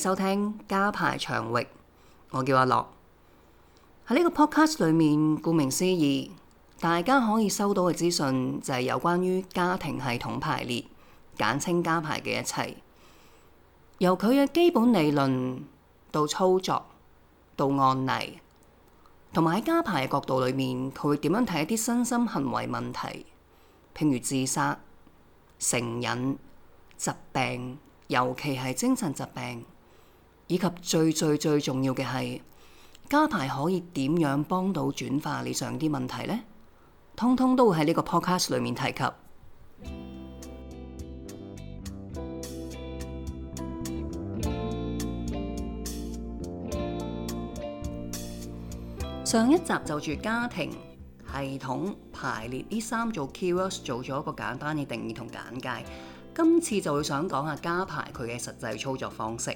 收聽家排長域，我叫阿樂。喺呢個 Podcast 裏面，顧名思義，大家可以收到嘅資訊就係有關於家庭系統排列，簡稱家排嘅一切，由佢嘅基本理論到操作到案例，同埋喺家排嘅角度裏面，佢會點樣睇一啲身心行為問題，譬如自殺、成癮、疾病，尤其係精神疾病。以及最最最重要嘅係，家排可以點樣幫到轉化你上啲問題呢？通通都會喺呢個 podcast 裏面提及。 上一集就住家庭系統排列呢三組 keywords 做咗一個簡單嘅定義同簡介，今次就會想講下家排佢嘅實際操作方式。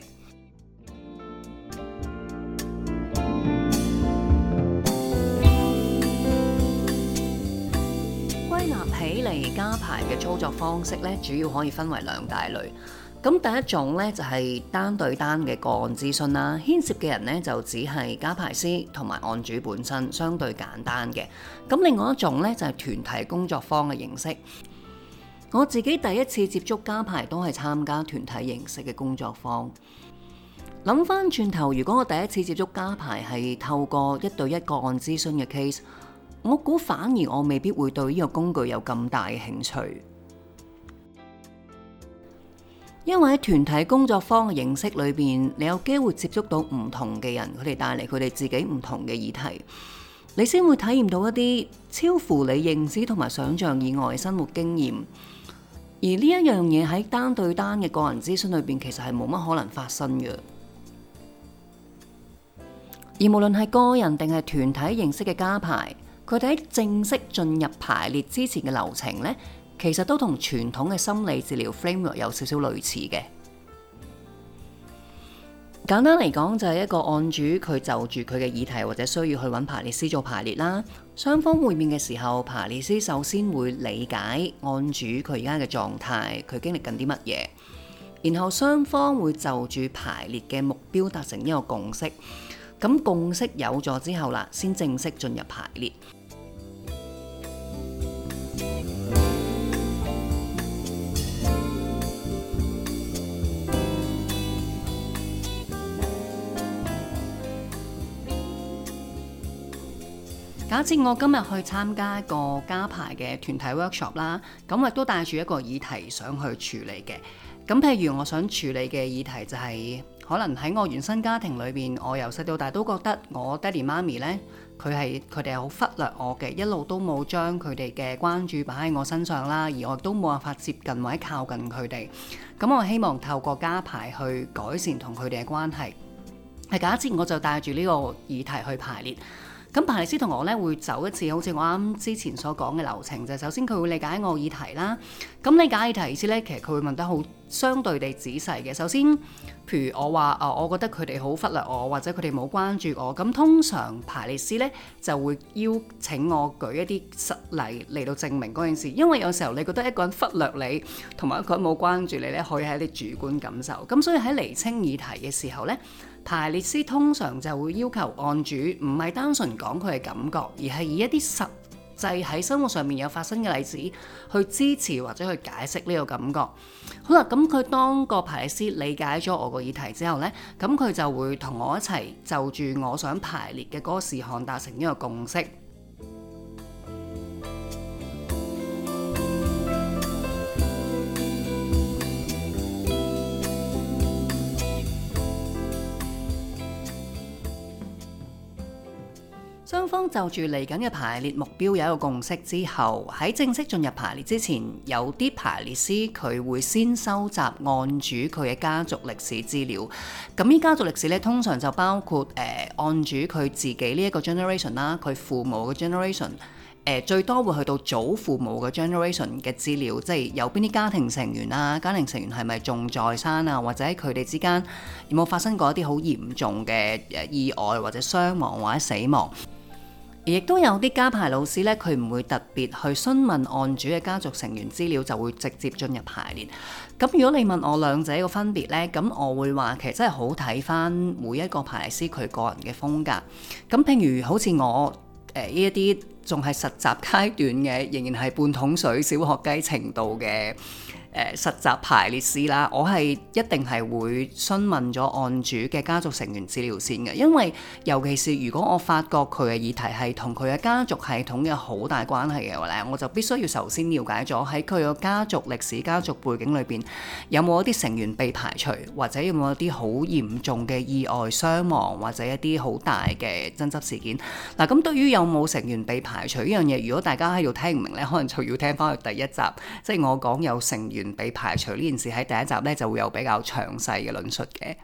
家排嘅操作方式咧，主要可以分為兩大類。咁第一種咧就係單對單嘅個案諮詢啦，牽涉嘅人呢，就只係家排師同埋案主本身，相對簡單嘅。咁另外一種咧就係團體工作坊嘅形式。我自己第一次接觸家排都係參加團體形式嘅工作坊。諗翻轉頭，如果我第一次接觸家排係透過一對一個案諮詢嘅 case。我估反而我未必會對呢個工具有咁大嘅興趣，因為喺團體工作坊嘅形式裏邊，你有機會接觸到唔同嘅人，佢哋帶嚟佢哋自己唔同嘅議題，你先會體驗到一啲超乎你認知同埋想象以外嘅生活經驗。而呢一樣嘢喺單對單嘅個人諮詢裏邊，其實係冇乜可能發生嘅。而無論係個人定係團體形式嘅家排。佢哋喺正式進入排列之前嘅流程呢，其實都同傳統嘅心理治療 framework 有少少類似嘅。簡單嚟講，就係、是、一個案主佢就住佢嘅議題或者需要去揾排列師做排列啦。雙方會面嘅時候，排列師首先會理解案主佢而家嘅狀態，佢經歷緊啲乜嘢，然後雙方會就住排列嘅目標達成一個共識。咁共識有咗之後啦，先正式進入排列。假設我今日去參加一個加排嘅團體 workshop 啦，咁我亦都帶住一個議題想去處理嘅。咁譬如我想處理嘅議題就係、是。可能喺我原生家庭裏面，我由細到大都覺得我爹哋媽咪呢，佢係佢哋好忽略我嘅，一路都冇將佢哋嘅關注擺喺我身上啦，而我都冇辦法接近或者靠近佢哋。咁我希望透過家排去改善同佢哋嘅關係。係，假設我就帶住呢個議題去排列。咁排列師同我咧會走一次，好似我啱之前所講嘅流程就係，首先佢會理解我議題啦。咁理解議題先咧，其實佢會問得好相對地仔細嘅。首先，譬如我話啊、呃，我覺得佢哋好忽略我，或者佢哋冇關注我。咁通常排列師咧就會邀請我舉一啲實例嚟到證明嗰件事，因為有時候你覺得一個人忽略你，同埋一個人冇關注你咧，可以係一啲主觀感受。咁所以喺釐清議題嘅時候咧。排列師通常就會要求案主唔係單純講佢嘅感覺，而係以一啲實際喺生活上面有發生嘅例子去支持或者去解釋呢個感覺。好啦，咁佢當個排列師理解咗我個議題之後呢，咁佢就會同我一齊就住我想排列嘅嗰個事項達成呢個共識。當就住嚟緊嘅排列目標有一個共識之後，喺正式進入排列之前，有啲排列師佢會先收集案主佢嘅家族歷史資料。咁呢，家族歷史咧，通常就包括誒案主佢自己呢一個 generation 啦，佢父母嘅 generation，誒、呃、最多會去到祖父母嘅 generation 嘅資料，即係有邊啲家庭成員啊，家庭成員係咪仲在生啊，或者佢哋之間有冇發生過一啲好嚴重嘅意外或者傷亡或者死亡。而亦都有啲家排老師咧，佢唔會特別去詢問案主嘅家族成員資料，就會直接進入排列。咁如果你問我兩者嘅分別呢，咁我會話其實真係好睇翻每一個排列師佢個人嘅風格。咁譬如好似我誒呢一啲仲係實習階段嘅，仍然係半桶水小學雞程度嘅，誒實習排列師啦，我係一定係會詢問咗案主嘅家族成員資料先嘅，因為尤其是如果我發覺佢嘅議題係同佢嘅家族系統有好大關係嘅話呢，我就必須要首先了解咗喺佢個家族歷史、家族背景裏邊有冇一啲成員被排除，或者有冇一啲好嚴重嘅意外傷亡，或者一啲好大嘅爭執事件。嗱，咁對於有冇成員被排除呢樣嘢，如果大家喺度聽唔明呢，可能就要聽翻去第一集，即係我講有成員。唔被排除呢件事喺第一集呢，就會有比較詳細嘅論述嘅。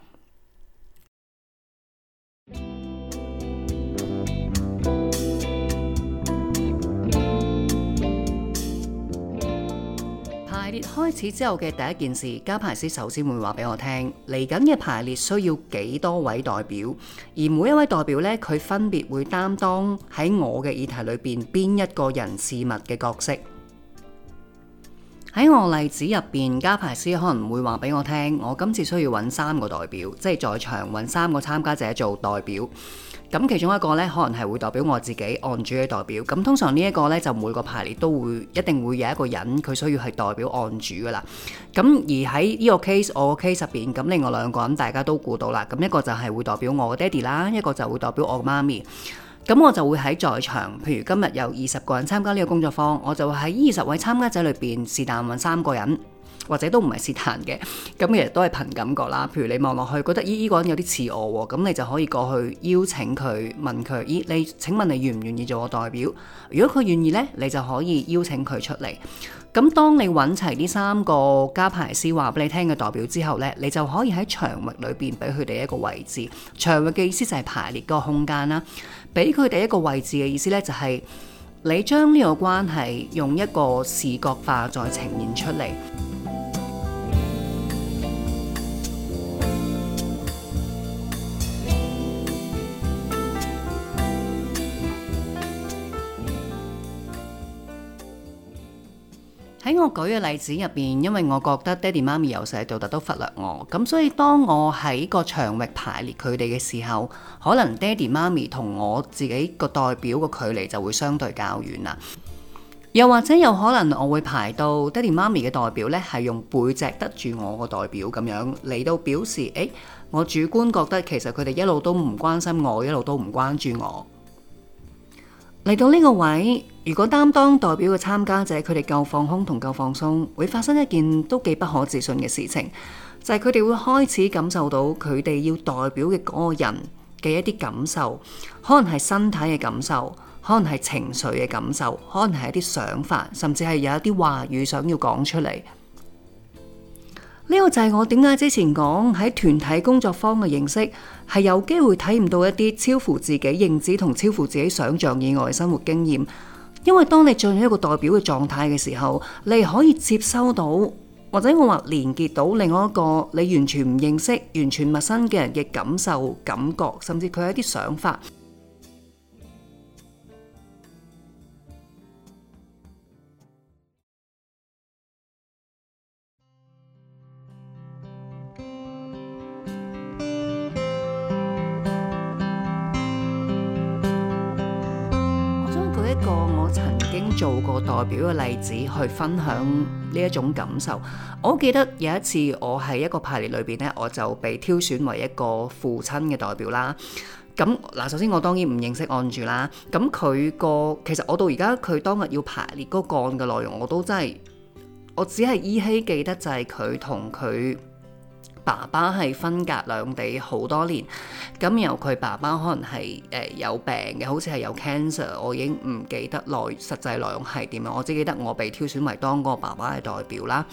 排列開始之後嘅第一件事，家排師首先會話俾我聽，嚟緊嘅排列需要幾多位代表，而每一位代表呢，佢分別會擔當喺我嘅議題裏邊邊一個人事物嘅角色。喺我例子入邊，家排師可能會話俾我聽，我今次需要揾三個代表，即係在場揾三個參加者做代表。咁其中一個呢，可能係會代表我自己案主嘅代表。咁通常呢一個呢，就每個排列都會一定會有一個人佢需要係代表案主噶啦。咁而喺呢個 case，我 case 入邊，咁另外兩個咁大家都估到啦。咁一個就係會代表我爹哋啦，一個就會代表我媽咪。咁我就會喺在，在場，譬如今日有二十個人參加呢個工作坊，我就會喺二十位參加者裏邊是但揾三個人，或者都唔係是但嘅。咁其實都係憑感覺啦。譬如你望落去覺得依依個人有啲似我喎，咁你就可以過去邀請佢，問佢，咦，你請問你願唔願意做我代表？如果佢願意呢，你就可以邀請佢出嚟。咁當你揾齊呢三個家排師話俾你聽嘅代表之後呢，你就可以喺場域裏邊俾佢哋一個位置。場域嘅意思就係排列個空間啦。俾佢哋一個位置嘅意思呢，就係你將呢個關係用一個視覺化再呈現出嚟。喺我舉嘅例子入邊，因為我覺得爹哋媽咪由細到大都忽略我，咁所以當我喺個場域排列佢哋嘅時候，可能爹哋媽咪同我自己個代表個距離就會相對較遠啦。又或者有可能我會排到爹哋媽咪嘅代表呢係用背脊得住我個代表咁樣嚟到表示，誒、欸，我主觀覺得其實佢哋一路都唔關心我，一路都唔關注我。嚟到呢個位，如果擔當代表嘅參加者，佢哋夠放空同夠放鬆，會發生一件都幾不可置信嘅事情，就係佢哋會開始感受到佢哋要代表嘅嗰個人嘅一啲感受，可能係身體嘅感受，可能係情緒嘅感受，可能係一啲想法，甚至係有一啲話語想要講出嚟。呢個就係我點解之前講喺團體工作坊嘅認識係有機會體驗到一啲超乎自己認知同超乎自己想象以外嘅生活經驗，因為當你進入一個代表嘅狀態嘅時候，你可以接收到，或者我話連結到另外一個你完全唔認識、完全陌生嘅人嘅感受、感覺，甚至佢一啲想法。代表嘅例子去分享呢一種感受。我記得有一次，我喺一個排列裏邊咧，我就被挑選為一個父親嘅代表啦。咁嗱，首先我當然唔認識案主啦。咁佢個其實我到而家，佢當日要排列嗰個案嘅內容，我都真係我只係依稀記得就係佢同佢爸爸係分隔兩地好多年，咁由佢爸爸可能係誒、呃、有病嘅，好似係有 cancer，我已經唔記得內實際內容係點樣，我只記得我被挑選為當個爸爸嘅代表啦。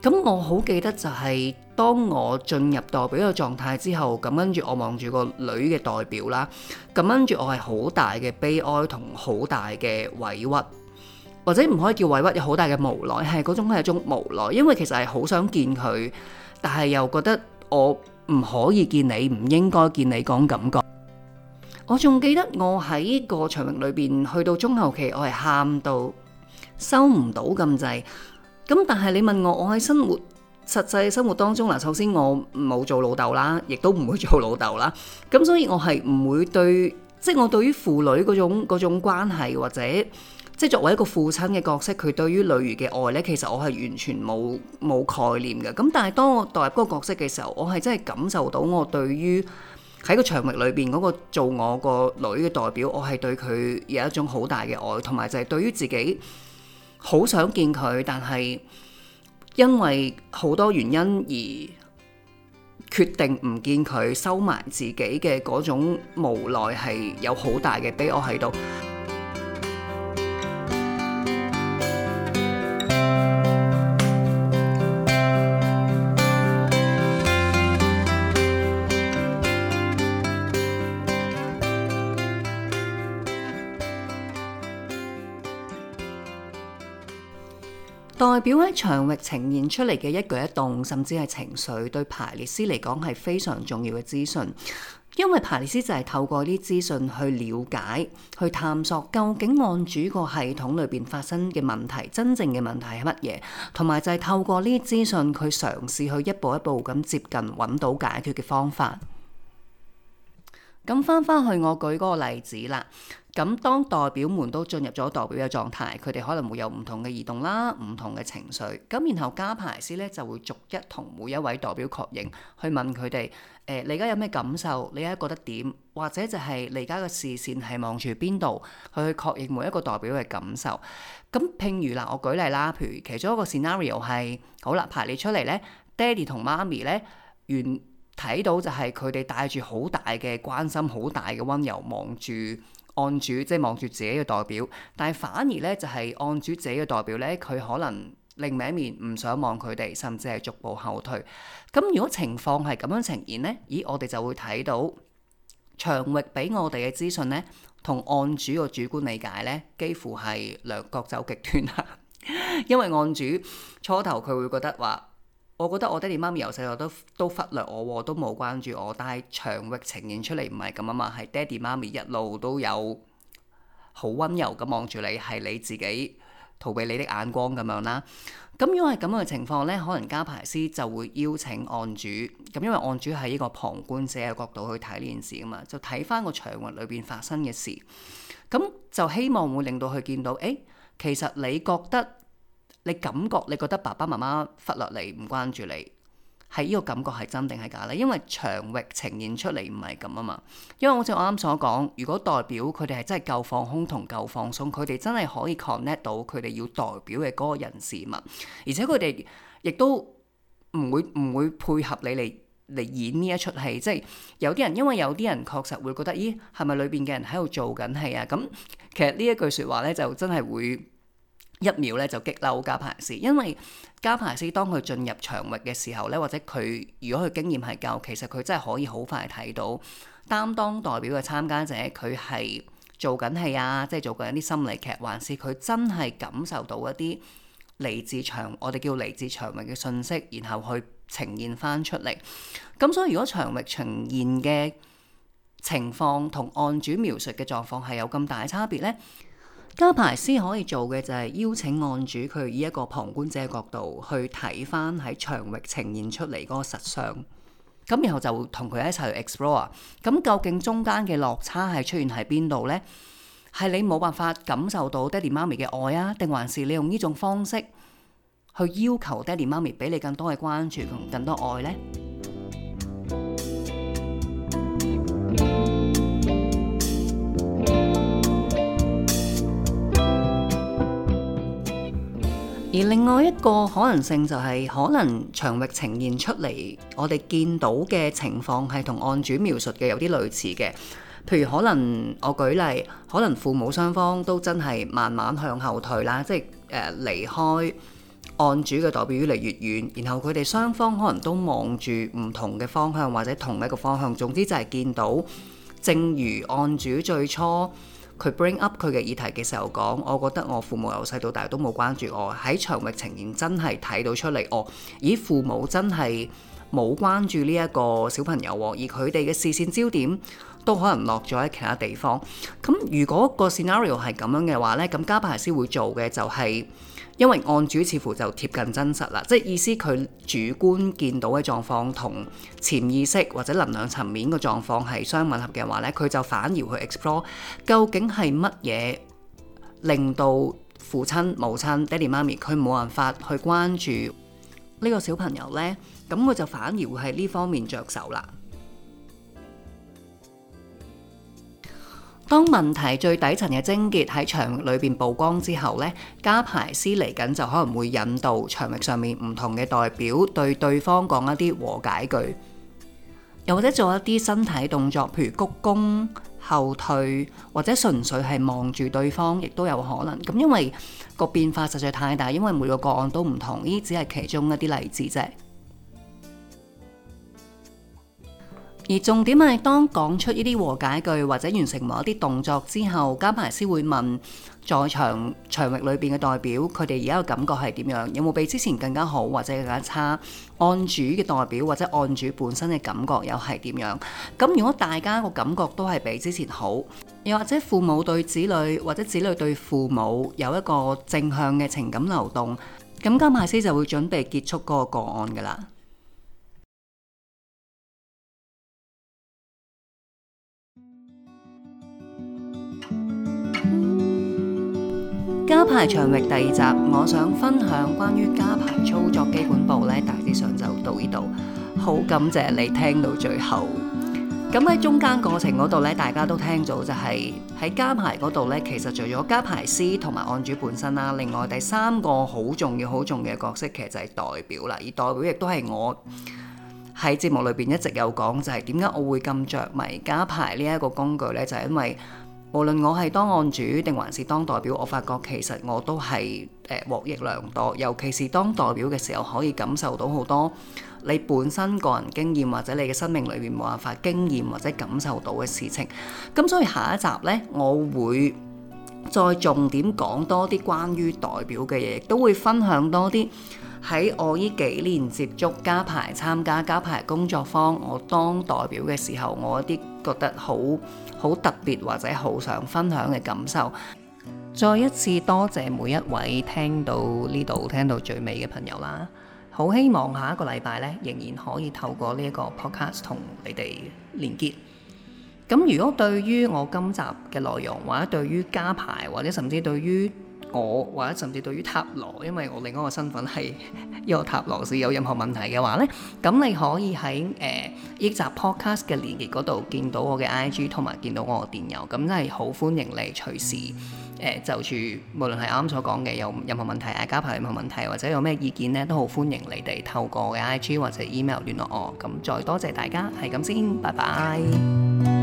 咁我好記得就係、是、當我進入代表嘅狀態之後，咁跟住我望住個女嘅代表啦，咁跟住我係好大嘅悲哀同好大嘅委屈，或者唔可以叫委屈，有好大嘅無奈，係嗰種係一種無奈，因為其實係好想見佢。但係又覺得我唔可以見你，唔應該見你講感覺。我仲記得我喺個場域裏邊去到中後期，我係喊到收唔到咁滯。咁但係你問我，我喺生活實際生活當中嗱，首先我冇做老豆啦，亦都唔會做老豆啦。咁所以我係唔會對即係、就是、我對於父女嗰種嗰種關係或者。即係作為一個父親嘅角色，佢對於女兒嘅愛呢，其實我係完全冇冇概念嘅。咁但係當我代入嗰個角色嘅時候，我係真係感受到我對於喺個場域裏邊嗰個做我個女嘅代表，我係對佢有一種好大嘅愛，同埋就係對於自己好想見佢，但係因為好多原因而決定唔見佢，收埋自己嘅嗰種無奈係有好大嘅悲哀喺度。代表喺場域呈現出嚟嘅一舉一動，甚至係情緒，對排列師嚟講係非常重要嘅資訊。因為排列師就係透過啲資訊去了解、去探索，究竟案主個系統裏邊發生嘅問題，真正嘅問題係乜嘢，同埋就係透過呢啲資訊，佢嘗試去一步一步咁接近，揾到解決嘅方法。咁翻翻去我舉嗰個例子啦。咁當代表們都進入咗代表嘅狀態，佢哋可能會有唔同嘅移動啦，唔同嘅情緒。咁然後家排師咧就會逐一同每一位代表確認，去問佢哋：誒、呃，你而家有咩感受？你而家覺得點？或者就係你而家嘅視線係望住邊度？去確認每一個代表嘅感受。咁譬如啦，我舉例啦，譬如其中一個 scenario 係：好啦，排列出嚟咧，爹哋同媽咪咧，原。睇到就係佢哋帶住好大嘅關心、好大嘅温柔，望住案主，即係望住自己嘅代表。但係反而呢，就係案主自己嘅代表呢，佢可能另一面唔想望佢哋，甚至係逐步後退。咁如果情況係咁樣呈現呢，咦？我哋就會睇到場域俾我哋嘅資訊呢，同案主嘅主觀理解呢，幾乎係兩角走極端啦。 因為案主初頭佢會覺得話。我覺得我爹哋媽咪由細個都都忽略我，我都冇關注我。但係場域呈現出嚟唔係咁啊嘛，係爹哋媽咪一路都有好温柔咁望住你，係你自己逃避你的眼光咁樣啦。咁、嗯、因為咁樣嘅情況呢，可能家排師就會邀請案主。咁、嗯、因為案主喺呢個旁觀者嘅角度去睇呢件事啊嘛，就睇返個場域裏邊發生嘅事。咁、嗯、就希望會令到佢見到，誒、欸，其實你覺得？你感覺，你覺得爸爸媽媽忽略你，唔關注你，係呢個感覺係真定係假呢？因為場域呈現出嚟唔係咁啊嘛。因為好似我啱所講，如果代表佢哋係真係夠放空同夠放鬆，佢哋真係可以 connect 到佢哋要代表嘅嗰個人事物，而且佢哋亦都唔會唔會配合你嚟嚟演呢一出戲。即係有啲人，因為有啲人確實會覺得，咦，係咪裏邊嘅人喺度做緊戲啊？咁其實呢一句説話咧，就真係會。一秒咧就激嬲家排師，因為家排師當佢進入場域嘅時候咧，或者佢如果佢經驗係夠，其實佢真係可以好快睇到擔當代表嘅參加者佢係做緊戲啊，即係做緊一啲心理劇，還是佢真係感受到一啲嚟自場我哋叫嚟自場域嘅信息，然後去呈現翻出嚟。咁所以如果場域呈現嘅情況同案主描述嘅狀況係有咁大差別咧，家排師可以做嘅就係邀請案主佢以一個旁觀者角度去睇翻喺場域呈現出嚟嗰個實相，咁然後就同佢一齊去 explore，咁究竟中間嘅落差係出現喺邊度呢？係你冇辦法感受到爹哋媽咪嘅愛啊，定還是你用呢種方式去要求爹哋媽咪俾你更多嘅關注同更多愛呢？而另外一個可能性就係，可能場域呈現出嚟，我哋見到嘅情況係同案主描述嘅有啲類似嘅。譬如可能我舉例，可能父母雙方都真係慢慢向後退啦，即係誒離開案主嘅代表越嚟越遠，然後佢哋雙方可能都望住唔同嘅方向，或者同一個方向。總之就係見到，正如案主最初。佢 bring up 佢嘅議題嘅時候講，我覺得我父母由細到大都冇關注我，喺場域呈現真係睇到出嚟哦，咦，父母真係冇關注呢一個小朋友喎，而佢哋嘅視線焦點都可能落咗喺其他地方。咁如果個 scenario 係咁樣嘅話呢，咁家排師先會做嘅就係因為案主似乎就貼近真實啦，即係意思佢主觀見到嘅狀況同潛意識或者能量層面嘅狀況係相吻合嘅話呢，佢就反而去 explore 究竟係乜嘢令到父親、母親、爹哋、媽咪佢冇辦法去關注呢個小朋友呢？咁佢就反而會喺呢方面着手啦。當問題最底層嘅症結喺場域裏邊曝光之後呢，家排師嚟緊就可能會引導場域上面唔同嘅代表對對方講一啲和解句，又或者做一啲身體動作，譬如鞠躬、後退，或者純粹係望住對方，亦都有可能。咁因為個變化實在太大，因為每個個案都唔同，呢只係其中一啲例子啫。而重點係當講出呢啲和解句或者完成某一啲動作之後，家排師會問在場場域裏邊嘅代表，佢哋而家嘅感覺係點樣？有冇比之前更加好或者更加差？案主嘅代表或者案主本身嘅感覺又係點樣？咁如果大家個感覺都係比之前好，又或者父母對子女或者子女對父母有一個正向嘅情感流動，咁家排師就會準備結束嗰個個案㗎啦。家排場域第二集，我想分享關於家排操作基本步呢，大致上就到呢度。好感謝你聽到最後。咁喺中間過程嗰度呢，大家都聽到就係、是、喺家排嗰度呢，其實除咗家排師同埋案主本身啦、啊，另外第三個好重要、好重要嘅角色其實就係代表啦。而代表亦都係我喺節目裏邊一直有講，就係點解我會咁着迷家排呢一個工具呢？就係、是、因為。無論我係當案主定還是當代表，我發覺其實我都係誒、呃、獲益良多，尤其是當代表嘅時候，可以感受到好多你本身個人經驗或者你嘅生命裏面冇辦法經驗或者感受到嘅事情。咁所以下一集呢，我會再重點講多啲關於代表嘅嘢，亦都會分享多啲喺我呢幾年接觸家排、參加家排工作坊，我當代表嘅時候我一啲覺得好好特別或者好想分享嘅感受。再一次多謝每一位聽到呢度聽到最尾嘅朋友啦，好希望下一個禮拜呢，仍然可以透過呢一個 podcast 同你哋連結。咁如果對於我今集嘅內容，或者對於家排，或者甚至對於我或者甚至對於塔羅，因為我另一個身份係一個塔羅師，有任何問題嘅話呢，咁你可以喺誒一集 podcast 嘅連結嗰度見到我嘅 IG 同埋見到我嘅電郵，咁真係好歡迎你隨時、呃、就住，無論係啱啱所講嘅有任何問題啊，家排任何問題或者有咩意見呢，都好歡迎你哋透過我嘅 IG 或者 email 聯絡我。咁再多謝大家，係咁先，拜拜。